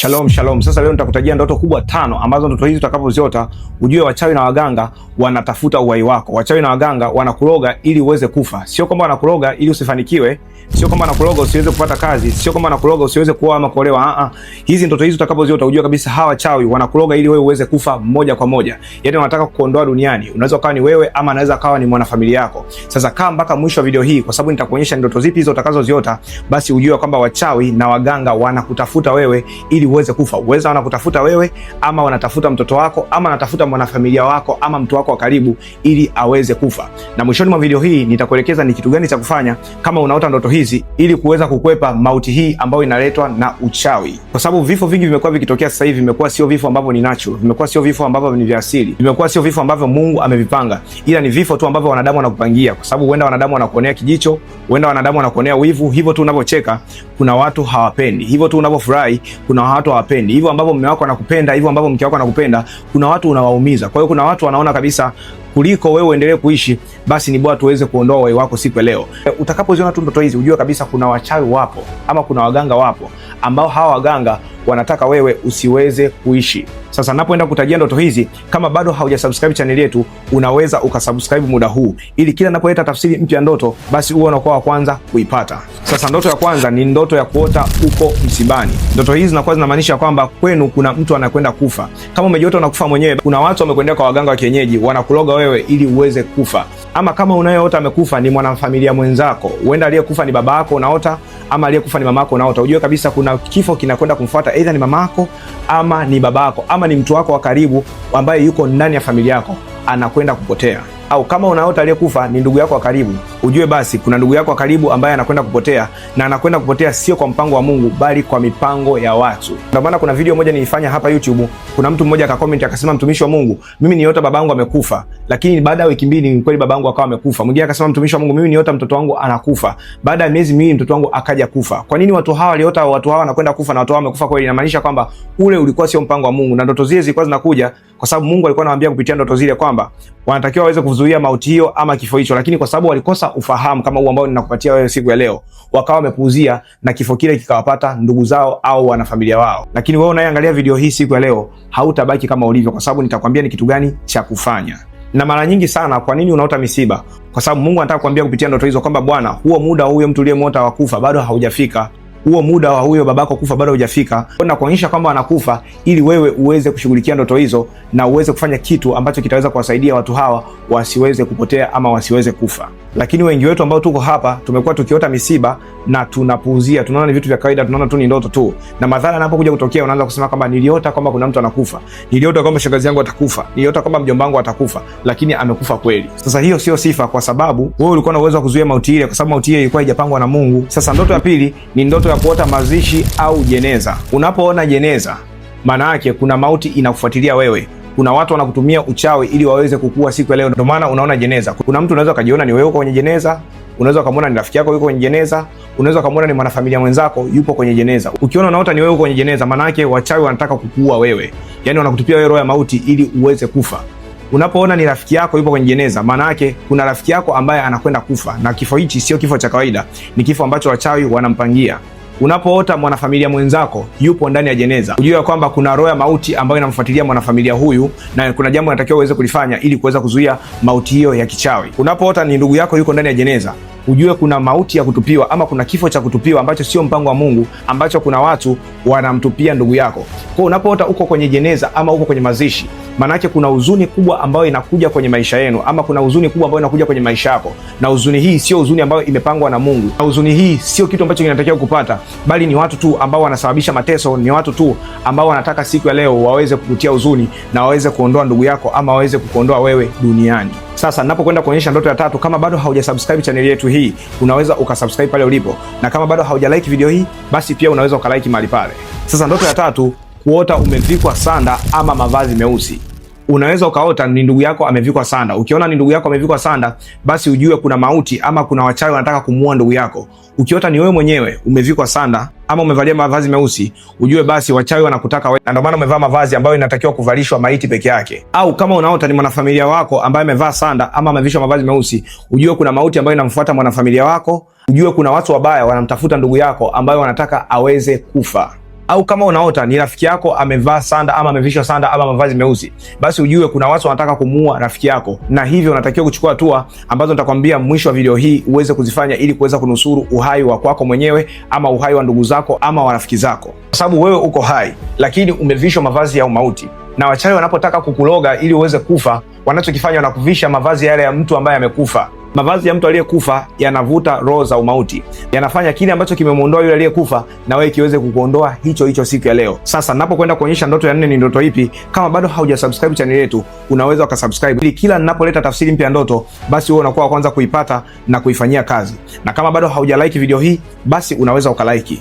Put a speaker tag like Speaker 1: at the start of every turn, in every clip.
Speaker 1: Shalom shalom. Sasa leo nitakutajia ndoto kubwa tano ambazo ndoto hizi utakapoziota ujue wachawi na waganga wanatafuta uhai wako. Wachawi na waganga wanakuroga ili uweze kufa. Sio kwamba wanakuroga ili usifanikiwe, sio kwamba wanakuroga usiweze kupata kazi, sio kwamba wanakuroga usiweze kuoa ama kuolewa. Ah, ah. Hizi ndoto hizi utakapoziota ujue kabisa hawa wachawi wanakuroga ili wewe uweze kufa moja kwa moja. Yaani wanataka kukuondoa duniani. Unaweza kawa ni wewe ama anaweza kawa ni mwanafamilia yako. Sasa kaa mpaka mwisho wa video hii kwa sababu nitakuonyesha ndoto zipi hizo utakazoziota, basi ujue kwamba wachawi na waganga wanakutafuta wewe ili ili uweze kufa. Uweza wanakutafuta wewe, ama wanatafuta mtoto wako, ama wanatafuta mwanafamilia wako, ama mtu wako wa karibu, ili aweze kufa. Na mwishoni mwa video hii nitakuelekeza ni kitu gani cha kufanya kama unaota ndoto hizi, ili kuweza kukwepa mauti hii ambayo inaletwa na uchawi, kwa sababu vifo vingi vimekuwa vikitokea sasa hivi, vimekuwa sio vifo ambavyo ni natural, vimekuwa sio vifo ambavyo ni vya asili, vimekuwa sio vifo ambavyo Mungu amevipanga, ila ni vifo tu ambavyo wanadamu wanakupangia, kwa sababu huenda wanadamu wanakuonea kijicho, huenda wanadamu wanakuonea wivu. Hivyo tu unavyocheka kuna watu hawapendi, hivyo tu unavyofurahi kuna watu hawapendi. Hivyo ambavyo mume wako anakupenda, hivyo ambavyo mke wako anakupenda, kuna watu unawaumiza. Kwa hiyo kuna watu wanaona kabisa kuliko wewe uendelee kuishi, basi ni bora tuweze kuondoa uhai wako siku ya leo. Utakapoziona tu ndoto hizi, ujue kabisa kuna wachawi wapo ama kuna waganga wapo ambao hawa waganga wanataka wewe usiweze kuishi. Sasa napoenda kutajia ndoto hizi, kama bado haujasubscribe channel yetu, unaweza ukasubscribe muda huu, ili kila napoleta tafsiri mpya ndoto, basi uwe unakuwa wa kwanza kuipata. Sasa ndoto ya kwanza ni ndoto ya kuota uko msibani. Ndoto hizi zinakuwa zinamaanisha kwamba kwenu kuna mtu anakwenda kufa. Kama umejiota unakufa mwenyewe, kuna watu wamekwendea kwa waganga wa kienyeji, wanakuloga wewe wewe ili uweze kufa. Ama kama unayeota amekufa ni mwanafamilia mwenzako, huenda aliyekufa ni baba yako unaota, ama aliyekufa ni mama yako unaota, ujue kabisa kuna kifo kinakwenda kumfuata, aidha ni mama yako ama ni baba yako ama ni mtu wako wa karibu ambaye yuko ndani ya familia yako anakwenda kupotea au kama unaota aliyekufa ni ndugu yako wa karibu, ujue basi kuna ndugu yako wa karibu ambaye anakwenda kupotea, na anakwenda kupotea sio kwa mpango wa Mungu, bali kwa mipango ya watu. Ndio maana kuna video moja nilifanya hapa YouTube, kuna mtu mmoja akakomenti akasema, mtumishi wa Mungu, mimi niota babangu amekufa, lakini baada ya wiki mbili ni kweli babangu akawa amekufa. Mwingine akasema, mtumishi wa Mungu, mimi niota mtoto wangu anakufa, baada ya miezi miwili mtoto wangu akaja kufa. Kwa nini watu hawa waliota watu hawa wanakwenda kufa na watu hawa wamekufa kweli? Inamaanisha kwamba ule ulikuwa sio mpango wa Mungu, na ndoto zile zilikuwa zinakuja kwa sababu Mungu alikuwa anawaambia kupitia ndoto zile kwamba wanatakiwa waweze kuzuia mauti hiyo ama kifo hicho, lakini kwa sababu walikosa ufahamu kama huu ambao ninakupatia wewe siku ya leo, wakawa wamepuuzia na kifo kile kikawapata ndugu zao au wanafamilia wao. Lakini wewe unayeangalia video hii siku ya leo, hautabaki kama ulivyo, kwa sababu nitakwambia ni kitu gani cha kufanya. Na mara nyingi sana, kwa nini unaota misiba? Kwa sababu Mungu anataka kuambia kupitia ndoto hizo kwamba, bwana, huo muda huyo mtu uliyemwota wakufa bado haujafika, huo muda wa huyo babako kufa bado hujafika, na kuonyesha kwamba anakufa ili wewe uweze kushughulikia ndoto hizo na uweze kufanya kitu ambacho kitaweza kuwasaidia watu hawa wasiweze kupotea ama wasiweze kufa lakini wengi wetu ambao tuko hapa tumekuwa tukiota misiba na tunapuuzia, tunaona ni vitu vya kawaida, tunaona tu ni ndoto tu, na madhara yanapokuja kutokea unaanza kusema kwamba niliota kwamba kuna mtu anakufa, niliota kwamba shangazi yangu atakufa, niliota kwamba mjomba wangu atakufa, lakini amekufa kweli. Sasa hiyo sio sifa, kwa sababu wewe ulikuwa na uwezo wa kuzuia mauti ile, kwa sababu mauti ile ilikuwa haijapangwa na Mungu. Sasa ndoto ya pili ni ndoto ya kuota mazishi au jeneza. Unapoona jeneza maana yake kuna mauti inakufuatilia wewe kuna watu wanakutumia uchawi ili waweze kukua siku ya leo. Ndio maana unaona jeneza, kuna mtu unaweza ukajiona ni wewe kwenye jeneza, unaweza ukamwona ni rafiki yako yuko kwenye jeneza, unaweza ukamwona ni mwanafamilia mwenzako yupo kwenye jeneza. Ukiona unaota ni wewe kwenye jeneza, maana yake wachawi wanataka kukua wewe, yani wanakutupia wewe roho ya mauti ili uweze kufa. Unapoona ni rafiki yako yupo kwenye jeneza, maana yake kuna rafiki yako ambaye anakwenda kufa, na kifo hichi sio kifo cha kawaida, ni kifo ambacho wachawi wanampangia. Unapoota mwanafamilia mwenzako yupo ndani ya jeneza, ya kwamba kuna roho ya mauti ambayo inamfuatilia mwanafamilia huyu, na kuna jambo unatakiwa uweze kulifanya ili kuweza kuzuia mauti hiyo ya kichawi. Unapoota ni ndugu yako yuko ndani ya jeneza, ujue kuna mauti ya kutupiwa ama kuna kifo cha kutupiwa ambacho sio mpango wa Mungu, ambacho kuna watu wanamtupia ndugu yako. Kwa unapoota uko kwenye jeneza ama uko kwenye mazishi, manake kuna huzuni kubwa ambayo inakuja kwenye maisha yenu, ama kuna huzuni kubwa ambayo inakuja kwenye maisha yako, na huzuni hii sio huzuni ambayo imepangwa na Mungu, na huzuni hii sio kitu ambacho kinatakiwa kupata, bali ni watu tu ambao wanasababisha mateso, ni watu tu ambao wanataka siku ya leo waweze kukutia huzuni na waweze kuondoa ndugu yako ama waweze kukuondoa wewe duniani. Sasa ninapokwenda kuonyesha ndoto ya tatu, kama bado haujasubscribe channel yetu hii, unaweza ukasubscribe pale ulipo, na kama bado haujalike video hii, basi pia unaweza ukalike mahali pale. Sasa ndoto ya tatu, kuota umevikwa sanda ama mavazi meusi unaweza ukaota ni ndugu yako amevikwa sanda. Ukiona ni ndugu yako amevikwa sanda, basi ujue kuna mauti ama kuna wachawi wanataka kumuua ndugu yako. Ukiota ni wewe mwenyewe umevikwa sanda ama umevalia mavazi meusi, ujue basi wachawi wanakutaka wewe, na ndio maana umevaa mavazi ambayo inatakiwa kuvalishwa maiti peke yake. Au kama unaota ni mwanafamilia wako ambaye amevaa sanda ama amevishwa mavazi meusi, ujue kuna mauti ambayo inamfuata mwanafamilia wako. Ujue kuna watu wabaya wanamtafuta ndugu yako ambayo wanataka aweze kufa au kama unaota ni rafiki yako amevaa sanda ama amevishwa sanda ama mavazi meusi, basi ujue kuna watu wanataka kumuua rafiki yako, na hivyo unatakiwa kuchukua hatua ambazo nitakwambia mwisho wa video hii uweze kuzifanya ili kuweza kunusuru uhai wa kwako mwenyewe ama uhai wa ndugu zako ama wa rafiki zako, kwa sababu wewe uko hai, lakini umevishwa mavazi ya umauti na wachawi wanapotaka kukuloga ili uweze kufa, wanachokifanya wanakuvisha mavazi yale ya mtu ambaye amekufa. Mavazi ya mtu aliyekufa yanavuta roho za umauti, yanafanya kile ambacho kimemwondoa yule aliyekufa na wewe kiweze kukuondoa hicho hicho siku ya leo. Sasa napokwenda kuonyesha ndoto ya nne ni ndoto ipi, kama bado haujasubscribe channel yetu, unaweza ukasubscribe ili kila ninapoleta tafsiri mpya ya ndoto, basi wewe unakuwa wa kwanza kuipata na kuifanyia kazi, na kama bado haujalike video hii, basi unaweza ukalike.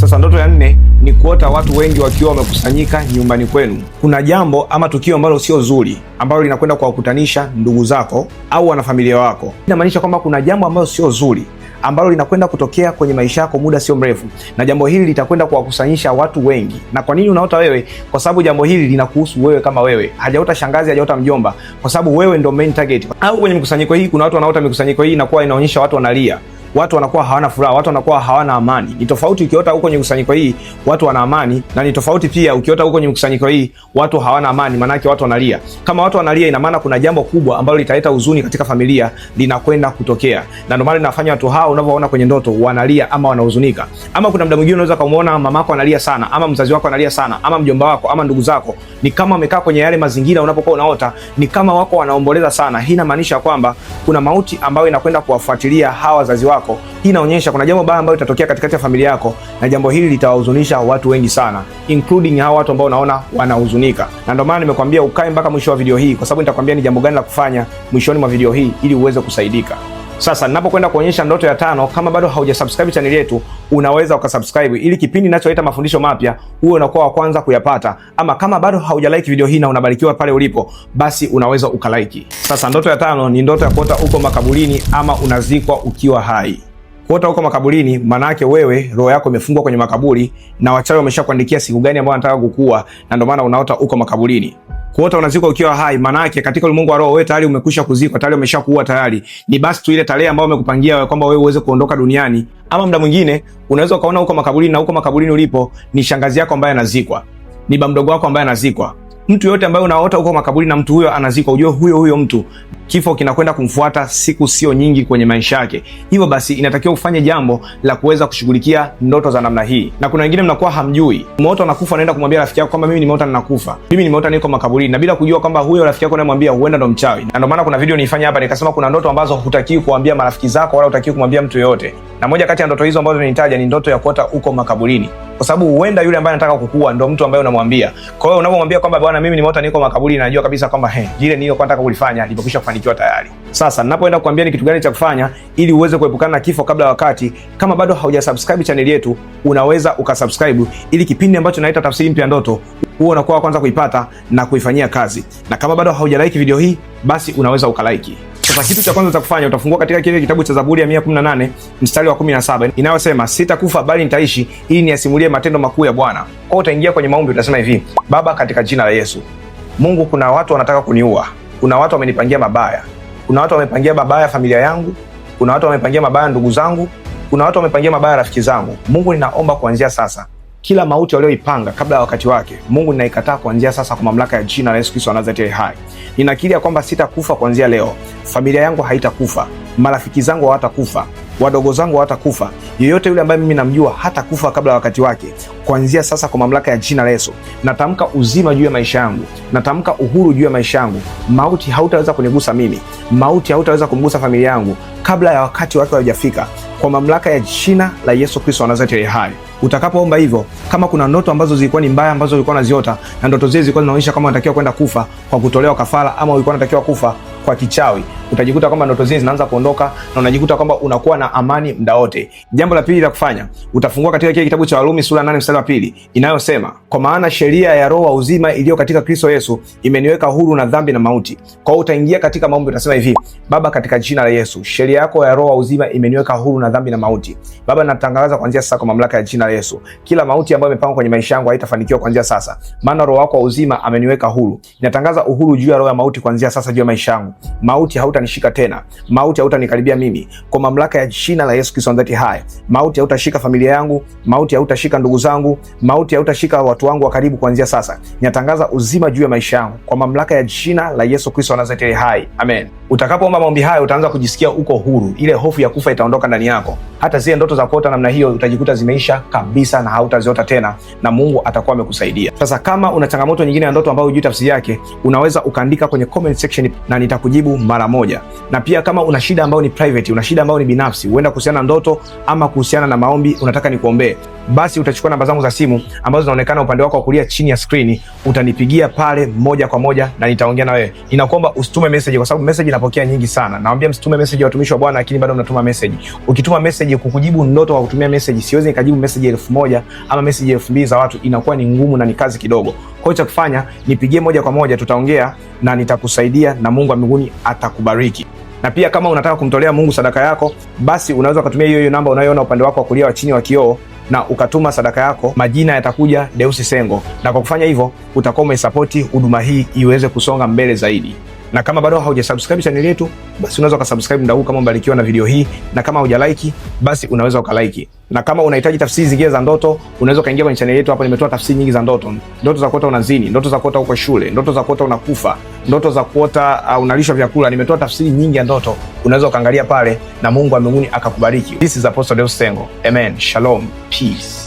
Speaker 1: Sasa ndoto ya nne ni kuota watu wengi wakiwa wamekusanyika nyumbani kwenu. Kuna jambo ama tukio ambalo sio zuri ambalo linakwenda kuwakutanisha ndugu zako au wanafamilia wako. Inamaanisha kwamba kuna jambo ambalo sio zuri ambalo linakwenda kutokea kwenye maisha yako muda sio mrefu, na jambo hili litakwenda kuwakusanyisha watu wengi. Na kwa nini unaota wewe? Kwa sababu jambo hili linakuhusu wewe kama wewe, hajaota shangazi, hajaota mjomba, kwa sababu wewe ndo main target. Au kwenye mikusanyiko hii kuna watu wanaota, mikusanyiko hii inakuwa inaonyesha watu wanalia watu wanakuwa hawana furaha, watu wanakuwa hawana amani. Ni tofauti ukiota huko kwenye kusanyiko hii watu wana amani, na ni tofauti pia ukiota huko kwenye kusanyiko hii watu hawana amani, maana watu wanalia. Kama watu wanalia, ina maana kuna jambo kubwa ambalo litaleta huzuni katika familia linakwenda kutokea, na ndio maana linafanya watu hao unavyoona kwenye ndoto wanalia ama wanahuzunika. Ama kuna mda mwingine unaweza kumuona mamako analia sana, ama mzazi wako analia sana, ama mjomba wako, ama ndugu zako, ni kama wamekaa kwenye yale mazingira unapokuwa unaota, ni kama wako wanaomboleza sana. Hii inamaanisha kwamba kuna mauti ambayo inakwenda kuwafuatilia hawa wazazi wako wako. Hii inaonyesha kuna jambo baya ambalo litatokea katikati ya familia yako, na jambo hili litawahuzunisha watu wengi sana, including hawa watu ambao unaona wanahuzunika. Na ndio maana nimekwambia ukae mpaka mwisho wa video hii, kwa sababu nitakwambia ni jambo gani la kufanya mwishoni mwa video hii ili uweze kusaidika. Sasa ninapokwenda kuonyesha ndoto ya tano, kama bado haujasubscribe channel yetu, unaweza ukasubscribe ili kipindi ninacholeta mafundisho mapya uwe unakuwa wa kwanza kuyapata. Ama kama bado haujalike video hii na unabarikiwa pale ulipo, basi unaweza ukalike. Sasa ndoto ya tano ni ndoto ya kuota uko makaburini ama unazikwa ukiwa hai. Kuota uko makaburini maana yake wewe roho yako imefungwa kwenye makaburi na wachawi wameshakuandikia siku gani ambayo anataka kukua, na ndio maana unaota uko makaburini kuota unazikwa ukiwa hai, maana yake katika ulimwengu wa roho wewe tayari umekwisha kuzikwa, tayari umeshakuwa tayari. Ni basi tu ile tarehe ambayo umekupangia wewe kwamba wewe uweze kuondoka duniani. Ama muda mwingine unaweza ukaona huko makaburini, na huko makaburini ulipo ni shangazi yako ambaye anazikwa, ni bamdogo wako ambaye anazikwa, mtu yote ambaye unaota huko makaburini na mtu huyo anazikwa, ujue huyo huyo mtu kifo kinakwenda kumfuata siku sio nyingi kwenye maisha yake. Hivyo basi, inatakiwa ufanye jambo la kuweza kushughulikia ndoto za namna hii. Na kuna wengine mnakuwa hamjui, umeota unakufa, unaenda kumwambia rafiki yako kwamba mimi nimeota ninakufa, mimi nimeota niko makaburini, na bila kujua kwamba huyo rafiki yako unayemwambia huenda ndo mchawi. Na ndio maana kuna video niifanya hapa nikasema kuna ndoto ambazo hutakiwi kuambia marafiki zako wala hutakiwi kumwambia mtu yoyote, na moja kati ya ndoto hizo ambazo nilitaja ni ndoto ya kuota uko makaburini kwa sababu huenda yule ambaye anataka kukua ndo mtu ambaye unamwambia. Kwa hiyo unapomwambia kwamba bwana, mimi nimeota niko makaburi, najua kabisa kwamba he, jile niliyokuwa nataka kulifanya limekwisha kufanikiwa tayari. Sasa ninapoenda kukuambia ni kitu gani cha kufanya ili uweze kuepukana na kifo kabla ya wakati, kama bado subscribe chaneli yetu, unaweza ukasubscribe ili kipindi ambacho naita tafsiri mpya ndoto huo unakuwa wa kwanza kuipata na kuifanyia kazi. Na kama bado haujalike video hii, basi unaweza ukalaiki. Sasa kitu cha kwanza cha kufanya utafungua katika kile kitabu cha Zaburi ya 118 mstari wa 17 inayosema sitakufa bali nitaishi ili niasimulie matendo makuu ya Bwana. Kwa utaingia kwenye maombi utasema hivi: Baba, katika jina la Yesu. Mungu, kuna watu wanataka kuniua. Kuna watu wamenipangia mabaya. Kuna watu wamepangia mabaya familia yangu. Kuna watu wamepangia mabaya ndugu zangu. Kuna watu wamepangia mabaya rafiki zangu. Mungu, ninaomba kuanzia sasa kila mauti walioipanga kabla ya wakati wake, Mungu ninaikataa kuanzia sasa kwa mamlaka ya jina la Yesu Kristo wa Nazareti aliye hai. Ninakiri ya kwamba sitakufa kuanzia leo. Familia yangu haitakufa, marafiki zangu hawatakufa, wadogo zangu hawatakufa, yeyote yule ambaye mimi namjua hatakufa kabla ya wakati wake. Kuanzia sasa kwa mamlaka ya jina la Yesu natamka uzima juu ya maisha yangu, natamka uhuru juu ya maisha yangu. Mauti hautaweza kunigusa mimi, mauti hautaweza kumgusa familia yangu kabla ya wakati wake haujafika, kwa mamlaka ya jina la Yesu Kristo wa Nazareti aliye hai. Utakapoomba hivyo, kama kuna ndoto ambazo zilikuwa ni mbaya ambazo ulikuwa unaziota na ndoto zile zilikuwa zinaonyesha kama unatakiwa kwenda kufa kwa kutolewa kafara, ama ulikuwa unatakiwa kufa kwa kichawi, utajikuta kwamba ndoto zile zinaanza kuondoka na unajikuta kwamba unakuwa na amani muda wote. Jambo la pili la kufanya, utafungua katika kile kitabu cha Warumi sura 8 mstari wa pili inayosema, kwa maana sheria ya roho wa uzima iliyo katika Kristo Yesu imeniweka huru na dhambi na mauti. Kwa hiyo utaingia katika maombi, utasema hivi: Baba, katika jina la Yesu, sheria yako ya roho wa uzima imeniweka huru na dhambi na mauti. Baba, natangaza kuanzia sasa kwa mamlaka ya jina jina la Yesu. Kila mauti ambayo imepangwa kwenye maisha yangu haitafanikiwa kuanzia sasa, maana roho wako wa uzima ameniweka huru. Ninatangaza uhuru juu ya roho ya mauti kuanzia sasa juu ya maisha yangu. Mauti hautanishika tena, mauti hautanikaribia mimi, kwa mamlaka ya jina la Yesu Kristo ndani hai. Mauti hautashika familia yangu, mauti hautashika ndugu zangu, mauti hautashika watu wangu wa karibu. Kuanzia sasa, ninatangaza uzima juu ya maisha yangu kwa mamlaka ya jina la Yesu Kristo wa Nazareti hai. Amen. Utakapoomba maombi hayo utaanza kujisikia uko huru, ile hofu ya kufa itaondoka ndani yako. Hata zile ndoto za kuota namna hiyo utajikuta zimeisha kabisa na hautaziota tena, na Mungu atakuwa amekusaidia. Sasa kama una changamoto nyingine ya ndoto ambayo hujui tafsiri yake, unaweza ukaandika kwenye comment section na nitakujibu mara moja. Na pia kama una shida ambayo ni private, una shida ambayo ni binafsi, huenda kuhusiana na ndoto ama kuhusiana na maombi, unataka nikuombee basi utachukua namba zangu za simu ambazo zinaonekana upande wako wa kulia chini ya skrini, utanipigia pale moja kwa moja na nitaongea na wewe. Ninakuomba usitume meseji kwa sababu meseji napokea nyingi sana. Naambia msitume message watumishi wa Bwana, lakini bado mnatuma meseji. Ukituma meseji kukujibu ndoto kwa kutumia meseji, siwezi nikajibu meseji elfu moja ama meseji elfu mbili za watu, inakuwa ni ngumu na ni kazi kidogo. Kwa hiyo cha kufanya, nipigie moja kwa moja, tutaongea na nitakusaidia, na Mungu wa mbinguni atakubariki na pia kama unataka kumtolea Mungu sadaka yako, basi unaweza ukatumia hiyo hiyo namba unayoona upande wako wa kulia wa chini wa kioo na ukatuma sadaka yako, majina yatakuja Deusi Sengo, na kwa kufanya hivyo utakuwa umesapoti huduma hii iweze kusonga mbele zaidi na kama bado haujasubscribe channel yetu, basi unaweza ukasubscribe muda huu kama umebarikiwa na video hii, na kama hujalaiki basi unaweza ukalike, na kama unahitaji tafsiri zingine za ndoto, unaweza ukaingia kwenye channel yetu. Hapa nimetoa tafsiri nyingi za ndoto: ndoto za kuota unazini, ndoto za kuota uko shule, ndoto za kuota unakufa, ndoto za kuota uh, unalishwa vyakula. Nimetoa tafsiri nyingi ya ndoto, unaweza ukaangalia pale, na Mungu wa mbinguni akakubariki. This is Apostle Deusi Sengo. Amen, shalom, peace.